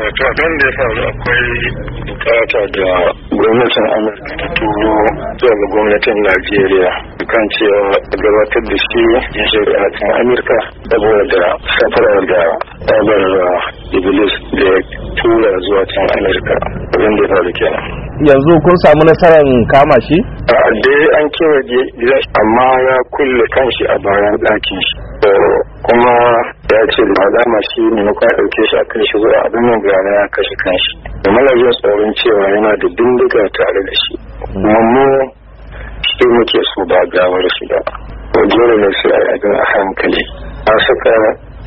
wato abin da ya faru akwai bukata da gwamnatin amurka ta turo zuwa ga gwamnatin najeriya kan cewa gabatar da shi ya shari'a kan amurka saboda safarar da tsabar iblis da ya tura zuwa can amurka abin da ya faru kenan yanzu kun samu nasarar kama shi? a dai an kewaye gida amma ya kulle kanshi a bayan ɗakin shi kuma ya ce ba alama shi ne muka ɗauke shi a kan shi zuwa abin nan gane ya kashe kanshi da mana jin tsoron cewa yana da bindiga tare da shi kuma mu shi muke so ba gawar shi ba ko dole ne sai a yi a hankali a saka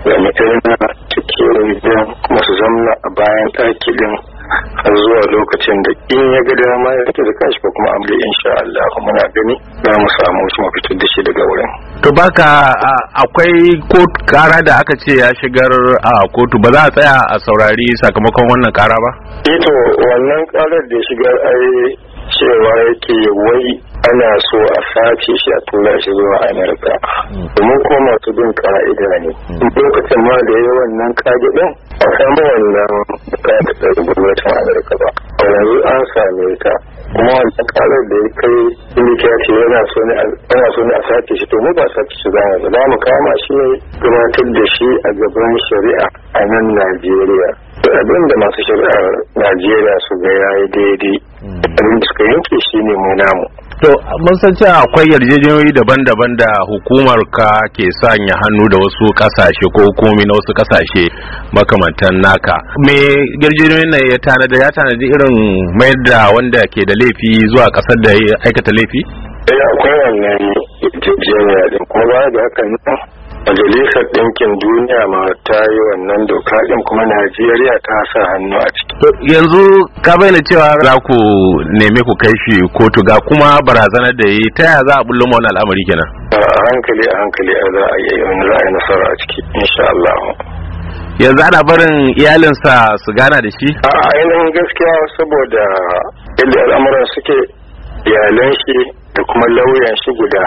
da mutane na cikin gidan kuma su zamna a bayan ɗaki din har zuwa lokacin da in ya ga dama ya fita da kashi ko kuma amle insha Allah muna gani za mu samu wasu mafitar da shi daga wurin to baka akwai kotu kara da aka ce ya shigar a kotu ba za a tsaya a saurari sakamakon wannan kara ba eh to wannan karar da ya shigar ai cewa yake wai ana so a sace shi a tura shi zuwa amurka domin ko masu bin ka'ida ne hmm. lokacin ma da yawan nan kage din a samu wannan ta da ta gwamnatin amurka ba a yanzu an same ta kuma wancan karar da ya kai ya ce yana so ne a sake shi to mu ba sake shi zama za mu kama shi ne gabatar da shi a gaban shari'a a nan najeriya abin da masu shari'ar najeriya su ga daidai hmm. abin da suka yanke shi ne mu namu to mun san cewa akwai yarjejeniyoyi daban-daban da hukumar ka ke sanya hannu da wasu kasashe ko hukumi na wasu kasashe makamantan naka me yarjejeniyoyin nan ya tanada ya tanadi irin mayar da wanda ke da laifi zuwa kasar da ya aikata laifi eh, akwai wannan yarjejeniya da kuma ba da haka majalisar ɗinkin duniya ma ta yi wannan doka ɗin kuma najeriya ta sa hannu a ciki yanzu ka bayyana cewa za ku nemi ku kai shi kotu ga kuma barazanar da yi ta yaya za a bullo wani al'amari kenan a hankali a hankali a za a yi wani za a yi nasara a ciki insha Allah yanzu ana barin iyalinsa su gana da shi a ainihin gaskiya saboda yadda al'amuran suke iyalan shi da kuma lauyan shi guda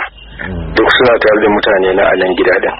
duk suna tare da mutane na alin gida din